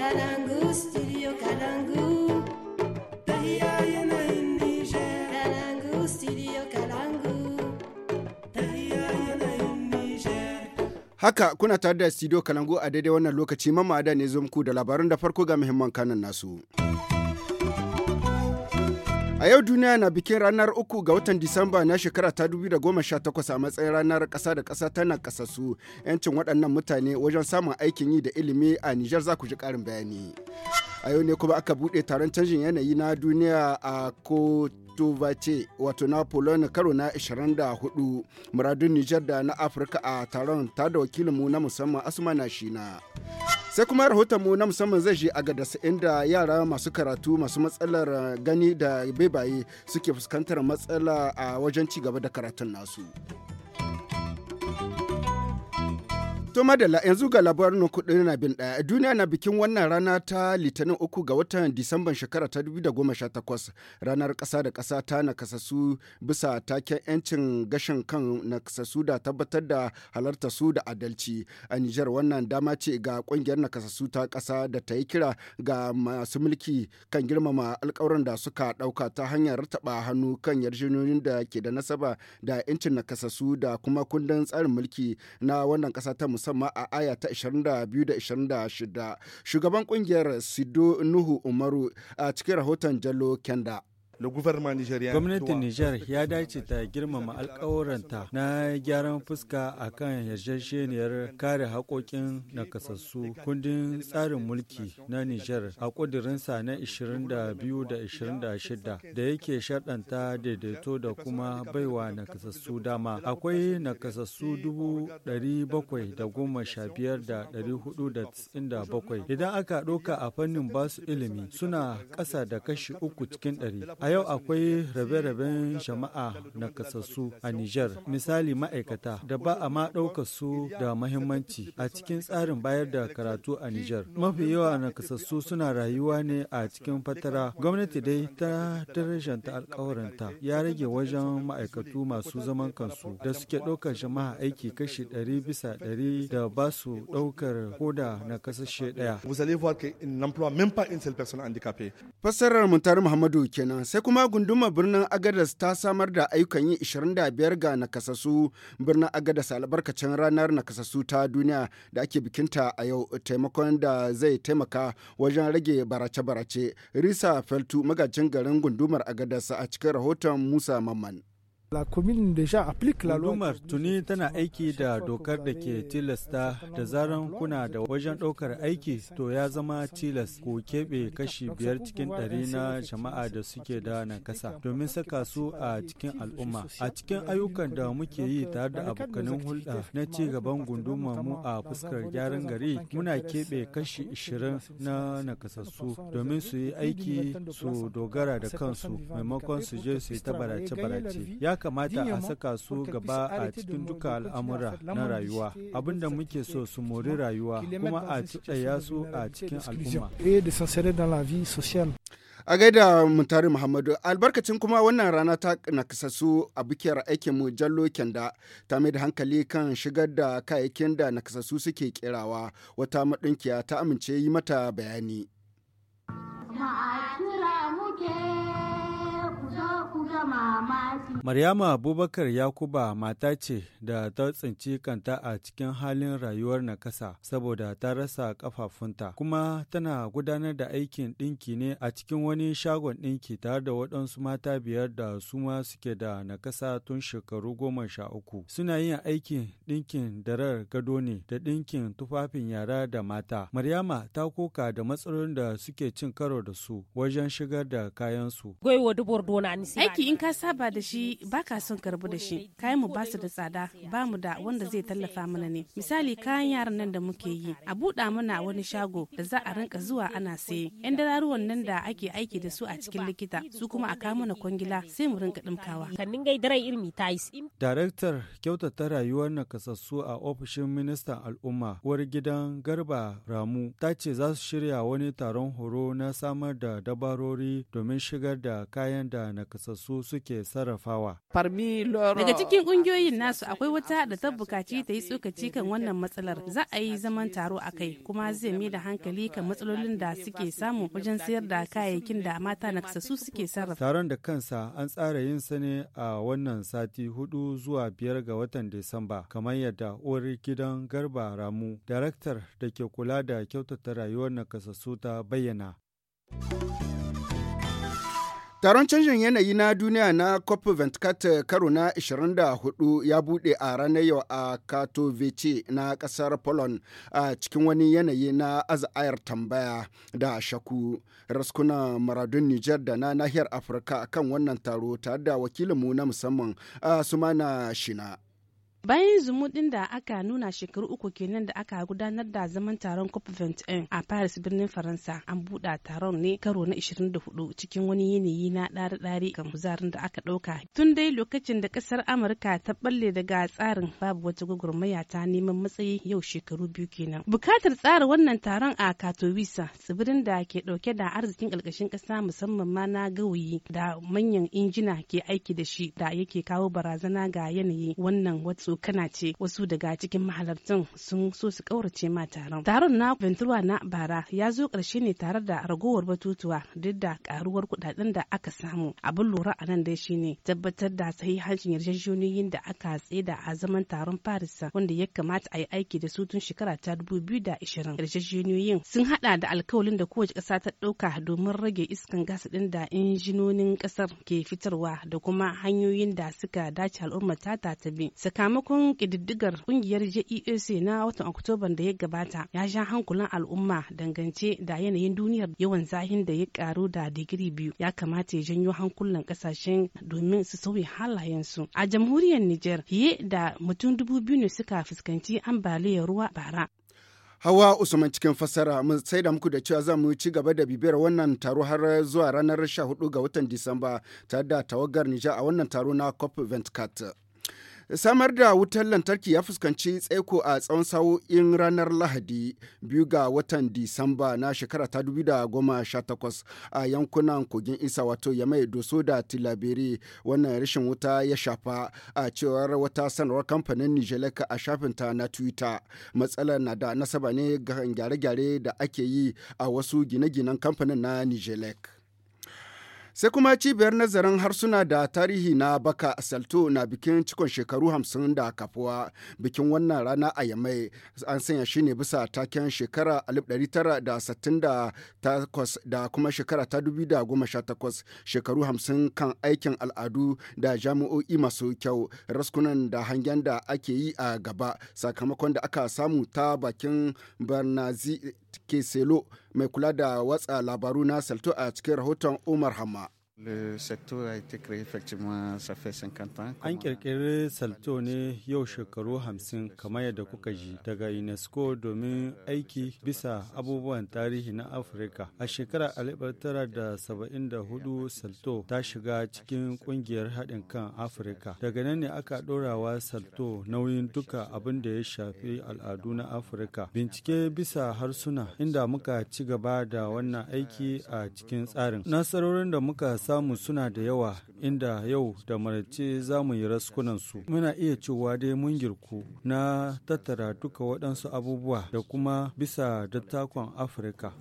Kalangu, Haka kuna tare da studio Kalangu a daidai wannan lokaci mamada ne zo muku da labarun da farko ga muhimman kanan nasu. A yau duniya na bikin ranar uku ga watan Disamba na shekara ta takwas a matsayin ranar kasa da ƙasa tana ƙasasu 'yancin waɗannan mutane wajen samun aikin yi da ilimi a Nijar za ku ji ƙarin bayani. A yau ne kuma aka buɗe taron canjin yanayi na duniya a ko Tuvace wato na Poland karo na 24 muradun Nijar da na Afirka a taron ta da wakilinmu na musamman Asuma na Shina. sai kuma rahoton mu na musamman zai je a gadas inda yara masu karatu masu matsalar eh, gani da baibaye suke fuskantar matsala a wajen ci gaba da karatun nasu. To madalla yanzu ga labarin kudin na bin daya Duniya na bikin wannan rana ta Litinin uku ga watan Disamban shekara ta 2018 ranar kasa da kasa ta nakasassu bisa taken 'yancin gashin kan nakasasu da tabbatar da halarta su da adalci. A Nijar wannan dama ce ga ƙungiyar nakasasu ta kasa da ta yi kira ga masu mulki kan girmama alƙawuran da suka dauka ta hanyar taɓa hannu kan yarjejeniyoyin da ke da nasaba da 'yancin nakasasu da kuma kundin tsarin mulki na wannan kasa ta musamman sama a aya ta 22 da 26. Shugaban kungiyar Sido Nuhu Umaru a cikin rahoton Jallo Kenda. Gwamnatin Nijar ya dace ta girmama alkawuranta na gyaran fuska a kan yarjejeniyar kare haƙoƙin nakasassu kundin tsarin mulki na Nijar a ƙudurinsa na 22 da 26 da yake shaɗanta daidaito da kuma baiwa nakasassu dama. Akwai nakasassu 715,497 idan aka ɗauka a fannin basu ilimi suna ƙasa da kashi uku cikin ɗari. A yau akwai rabe-raben jama'a na kasassu a Nijar, misali ma'aikata da ba a ma ɗaukar su da mahimmanci a cikin tsarin bayar da karatu a Nijar. Mafi yawa na kasassu suna rayuwa ne a cikin fatara. Gwamnati dai ta darajanta alkawarinta ya rage wajen ma'aikatu masu zaman kansu da suke ɗaukar jama'a aiki kashi ɗari bisa ɗari da ba su ɗaukar koda na kasashe ɗaya. Fassarar Muntari Muhammadu kenan sai sai kuma gundumar birnin Agadas ta samar da ayyukan yi 25 ga nakasassu birnin Agadas albarkacin ranar nakasassu ta duniya da ake bikinta a yau taimakon da zai taimaka wajen rage barace-barace. Risa Feltu magajin garin gundumar Agadas a cikin rahoton Musa Mamman. loi. tuni tana aiki da dokar da ke tilasta da zaran kuna da wajen ɗaukar aiki to ya zama tilas ko keɓe kashi biyar cikin ɗari na jama'a da suke da nakasa domin saka su a cikin al'umma. A cikin ayyukan da muke yi tare da abokanin hulɗa na ci gaban gundumar mu a fuskar gyaran gari muna keɓe kashi ishirin na nakasassu domin su yi aiki su dogara da kansu maimakon su je su yi ta barace-barace. kamata a saka su gaba a cikin duka al'amura na rayuwa abinda muke so su mori rayuwa kuma a cuɗaya su a cikin al'umma a gaida mutari muhammadu albarkacin kuma wannan rana ta nakasassu a bukiyar aikin mu jallo kenda ta mai da hankali kan shigar da kayayyakin da nakasassu suke kirawa wata maɗinkiya ta amince yi mata bayani Mariama Maryama Abubakar Yakuba mata ce da ta tsinci kanta a cikin halin rayuwar nakasa saboda ta rasa kafafunta kuma tana gudanar da aikin ɗinki ne a cikin wani shagon ɗinki tare da waɗansu mata biyar da su ma suke da nakasa tun shekaru goma sha uku. Suna yin aikin ɗinkin darar gado ne da ɗinkin tufafin yara da mata. Maryama ta koka da matsalolin da suke cin karo da su wajen shigar da kayansu. Aiki in ka saba da shi ba ka son karbu da shi kayan mu basu da tsada ba mu da wanda zai tallafa mana ne misali kayan yaran nan da muke yi a buɗa mana wani shago da za a rinka zuwa ana saye yan dararuwan nan da ake aiki da su a cikin likita su kuma a kawo mana kwangila sai mu rinka ɗimkawa. daraktar kyautata rayuwar nakasassu a ofishin ministan al'umma uwar gidan garba ramu ta ce za su shirya wani taron horo na samar da dabarori domin shigar da kayan da nakasassu suke sarrafawa. Daga cikin ƙungiyoyin nasu akwai wata da ta bukaci ta yi tsokaci kan wannan matsalar. Za a yi zaman taro a kai kuma zai mai da hankali kan matsalolin da suke samu wajen sayar da kayayyakin da mata nakasassu suke sarrafa. Taron da kansa an tsara yin sa ne a wannan sati hudu zuwa biyar ga watan Disamba kamar yadda uwar gidan Garba Ramu, daraktar da ke kula da kyautata rayuwar nakasassu ta bayyana. Taron canjin yanayi na duniya na COP24 karo na 24 ya bude a ranar yau a Katowice na kasar Poland a cikin wani yanayi na aza'ayar tambaya da shaku raskuna maradun Nijar da na nahiyar Afirka kan wannan taro tare da wakilinmu na musamman a Sumana Shina. bayan zumuɗin da aka nuna shekaru uku kenan da aka gudanar da zaman taron cop 21 a paris birnin faransa an buɗa taron ne karo na 24 cikin wani yanayi na ɗari-ɗari kan kuzarin da aka ɗauka tun dai lokacin da ƙasar amurka ta balle daga tsarin babu wata gwagwarmaya ta neman matsayi yau shekaru biyu kenan bukatar tsara wannan taron a katowisa tsibirin da ke ɗauke da arzikin ƙarƙashin ƙasa musamman ma na gawayi da manyan injina ke aiki da shi da yake kawo barazana ga yanayi wannan wata kana ce wasu daga cikin mahalartan sun so su kaurace ma taron. Taron na Ventura na bara ya zo karshe ne tare da ragowar batutuwa duk da karuwar kuɗaɗen da aka samu. Abin lura a nan dai shine tabbatar da sahihancin yarjejeniyoyin da aka tseda a zaman taron Paris wanda ya kamata a yi aiki da su tun shekara ta dubu biyu da 2020. Yarjejeniyoyin sun hada da alkawalin da kowace ƙasa ta ɗauka domin rage iskan gas ɗin da injinonin ƙasar ke fitarwa da kuma hanyoyin da suka dace al'ummar ta ta bi. Sakamakon sakamakon ƙididdigar ƙungiyar JEAC na watan Oktoban da ya gabata ya sha hankulan al'umma dangance da yanayin duniyar yawan zahin da ya karu da digiri biyu ya kamata ya janyo hankulan ƙasashen domin su sauyi halayensu. A jamhuriyar Nijar fiye da mutum dubu biyu ne suka fuskanci ambaliyar ruwa bara. Hawa Usman cikin fassara mu sai da muku da cewa za mu ci gaba da bibiyar wannan taro har zuwa ranar 14 ga watan Disamba tare da tawagar Nijar a wannan taro na COP 24. Samar da wutar lantarki ya fuskanci tsaiko a tsawon sa'o'in ranar Lahadi biyu ga watan Disamba na shekara ta takwas a yankunan kogin Isa wato ya mai Doso da tilabiri wannan rashin wuta ya shafa a cewar wata sanarwar kamfanin Nijeleka a shafinta na Twitter. Matsalar na da nasaba ne ga gyare-gyare da ake yi a wasu gine-ginen kamfanin na Nijelek. Sai kuma cibiyar nazarin harsuna da tarihi na Baka Salto na bikin cikon shekaru hamsin da kafuwa bikin wannan rana a Yamai an sanya shi ne bisa taken shekara 1968 da kuma shekara ta 2018 shekaru hamsin kan aikin al'adu da jami'o'i masu kyau raskunan da hangen da ake yi a gaba sakamakon da aka samu ta bakin Barnazi kiselo mai kula da watsa labaru na Salto a cikin rahoton Umar Hamma. Le secteur a été créé effectivement ça fait 50 ans. An kirkiri Salto ne yau shekaru 50 kamar yadda kuka ji daga UNESCO domin aiki bisa abubuwan tarihi na Afirka. A shekarar 1974 Salto ta shiga cikin ƙungiyar haɗin kan Afirka. Daga nan ne aka ɗorawa Salto nauyin duka abin da ya shafi al'adu na Afirka. Bincike bisa harsuna inda muka ci gaba da wannan aiki a cikin tsarin. Nasarorin da muka samu suna da yawa inda yau da marace za mu yi raskunansu. Muna iya cewa dai mun girku na tattara duka waɗansu abubuwa da kuma bisa dattakon Afirka.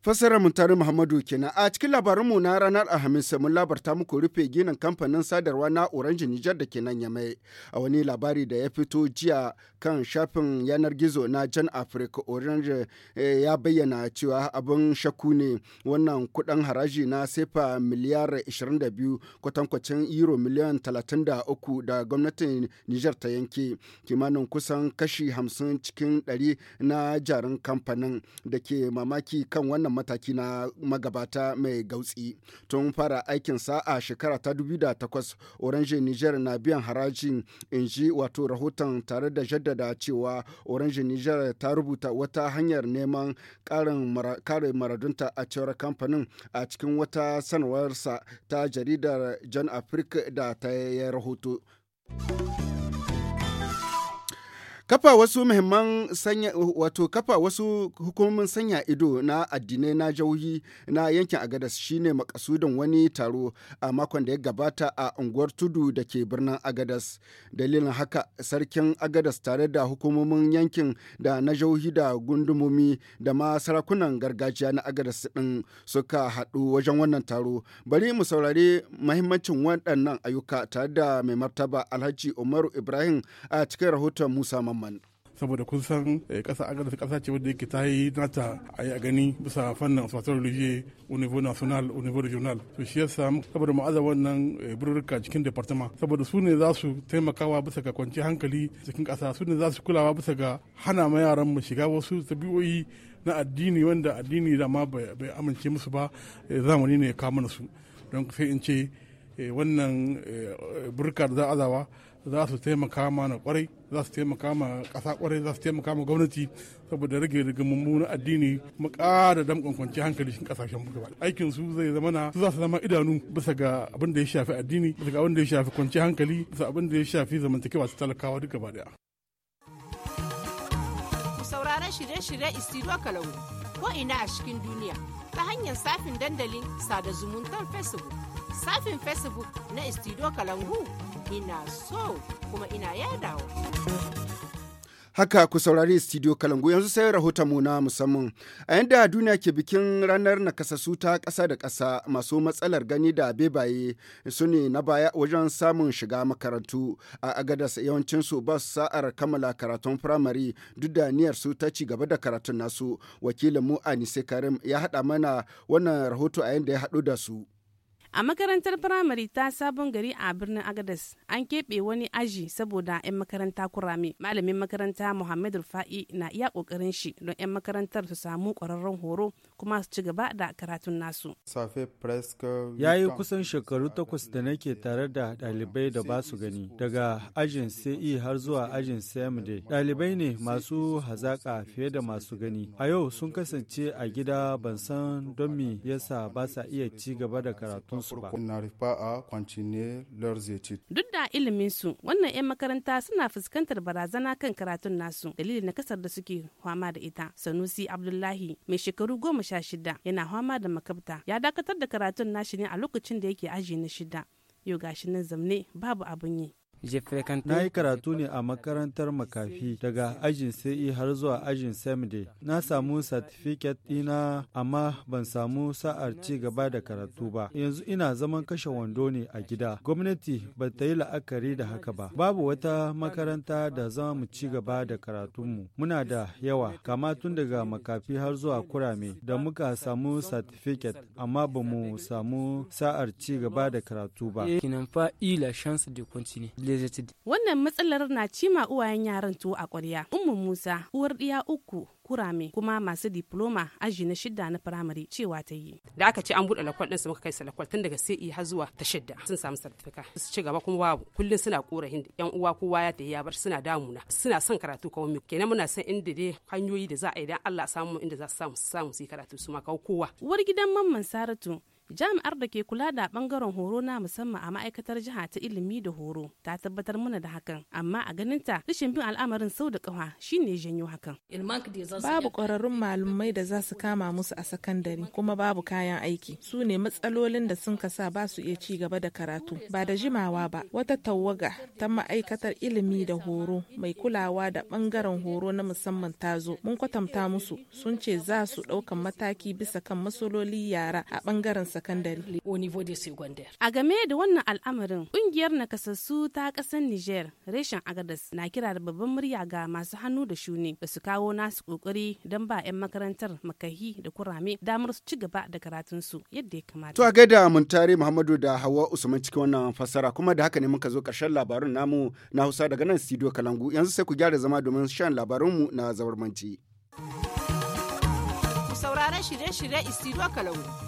Fassarar Muntari Muhammadu kenan a cikin labarinmu na ranar Alhamis mun labarta muku rufe ginin kamfanin sadarwa na Orange Nijar da ke nan Yamai a wani labari da ya fito jiya kan shafin yanar gizo na Jan Africa Orange eh, ya bayyana cewa abin shakku ne wannan kuɗin haraji na sefa miliyar 22 kwatankwacin euro miliyan 33 da gwamnatin Nijar ta yanke kimanin kusan kashi 50 cikin 100 na jarin kamfanin da ke mamaki kan wannan wannan mataki na magabata mai gautsi. Tun fara aikinsa a shekara ta 2008 Orange Niger na biyan harajin in ji wato rahoton tare da jaddada cewa Orange Niger ta rubuta wata hanyar neman kare maradunta a cewar kamfanin a cikin wata sanarwarsa ta jaridar jan Africa da ta yi rahoto. Kafa wasu muhimman sanya wato kafa wasu hukumomin sanya ido na addinai na jauhi na yankin Agadas shine makasudin wani taro a makon da ya gabata a unguwar tudu da ke birnin Agadas. Dalilin haka sarkin Agadas tare da hukumomin yankin da na jauhi da gundumomi da ma sarakunan gargajiya na Agadas din suka haɗu wajen wannan taro. Bari mu saurari muhimmancin waɗannan ayyuka tare da mai martaba Alhaji Umaru Ibrahim a cikin rahoton Musa musamman saboda kun san kasa agadar kasa ce wadda yake ta yi nata a yi a gani bisa fannin asfatar religiyar au niveau national au regional to shi yasa saboda mu aza wannan eh, birrika cikin departama saboda su ne za su taimakawa bisa ga kwanci hankali cikin kasa su ne za su kulawa bisa ga hana ma yaran mu shiga wasu tabi'o'i na addini wanda addini da ma bai amince musu ba eh, zamani ne ya kama su don sai in ce eh, wannan burka da za azawa za su taimaka mana kwarai za su taimaka ma ƙasa kwarai za su taimaka ma gwamnati saboda rage daga mummuna addini mu ƙara damƙon kwanci hankali cikin kasashen mu gaba aikin su zai zama na su za su zama idanu bisa ga abin da ya shafi addini bisa ga abin da ya shafi kwanci hankali bisa abin da ya shafi zamantakewa su talakawa duk gaba daya sauraron shirye-shirye istiro kalangu ko ina a cikin duniya ta hanyar safin dandalin sada zumuntar facebook safin facebook na istiro kalangu ina so kuma ina yadawa. Haka ku saurari studio Kalangu yanzu sai rahoton mu na musamman. A yanda duniya ke bikin ranar nakasassu ta ƙasa da ƙasa masu matsalar gani da bebaye su ne na baya wajen samun shiga makarantu a agadas yawancin su ba su sa'ar kammala karatun firamare duk da niyyar su ta ci gaba da karatun nasu. Wakilin mu Anise Karim ya haɗa mana wannan rahoto a yanda ya haɗu da su. A makarantar firamare ta sabon gari a birnin Agadas an keɓe wani aji saboda 'yan makaranta kurame. Malamin makaranta Muhammad Rufa'i na iya ƙoƙarin shi don 'yan makarantar su samu ƙwararren horo kuma su ci gaba da karatun nasu. Ya yi kusan shekaru takwas da nake tare da ɗalibai da ba su gani daga ajin CE har zuwa ajin CMD. Ɗalibai ne masu hazaƙa fiye da masu gani. A yau sun kasance a gida ban san don me yasa ba sa iya ci gaba da karatu musu ba. Duk da ilimin su wannan 'yan makaranta suna fuskantar barazana kan karatun nasu dalilin na kasar da suke fama da ita. Sanusi Abdullahi mai shekaru goma sha shida yana fama da makabta ya dakatar da karatun nashi ne a lokacin da yake aji na shida. Yau gashi nan zamne babu abin yi. Na yi karatu ne a makarantar makafi daga ajin sai e har zuwa ajin semde. Na samu satifiket ɗina amma ban samu sa'ar ci gaba da karatu ba. Yanzu ina zaman kashe wando ne a gida. Gwamnati ba ta yi la'akari da haka ba. Babu wata makaranta da za mu ci gaba da karatunmu. Muna da yawa kama tun daga makafi har zuwa kurame da muka samu satifiket amma ba mu samu sa'ar ci gaba da karatu ba. Wannan matsalar na cima uwayen yaran tuwo a ƙwarya. Ummu Musa, uwar ɗiya uku, kurame kuma masu diploma aji na shidda na firamare cewa ta yi. Da aka ce an buɗe lakwal ɗin su muka kai su lakwal tun daga sai e har zuwa ta shidda sun samu sartifika su ci gaba kuma babu kullum suna korafin yan uwa kowa ya tafi ya bar suna damuna suna son karatu kawai mu kenan muna son inda dai hanyoyi da za a yi dan Allah samu inda za su samu su samu su yi karatu su ma kawai kowa. Uwar gidan mamman Saratu jami'ar da ke kula da bangaren horo na musamman a ma'aikatar jiha ta ilimi da horo ta tabbatar mana da hakan amma a ganin ta rashin bin al'amarin sau da kawa shine janyo hakan babu kwararrun malumai da za su kama musu a sakandare kuma babu kayan aiki su ne matsalolin da sun kasa ba su iya ci gaba da karatu ba da jimawa ba wata tawaga ta ma'aikatar ilimi da horo mai kulawa da bangaren horo na musamman ta zo mun kwatanta musu sun ce za su ɗaukan mataki bisa kan matsaloli yara a bangaren sakandare. A game da wannan al'amarin, ƙungiyar nakasassu ta ƙasar Niger, reshen Agadas na kira da babban murya ga masu hannu da shuni da su kawo nasu kokari don ba 'yan makarantar makahi da kurame damar su ci gaba da karatunsu yadda ya kamata. To a gaida Muntari Muhammadu da Hawa Usman cikin wannan fassara kuma da haka ne muka zo karshen labarin namu na Hausa daga nan Studio Kalangu yanzu sai ku gyara zama domin shan labarunmu na zabarmanci. sauraron shirye-shirye Istiro kalangu.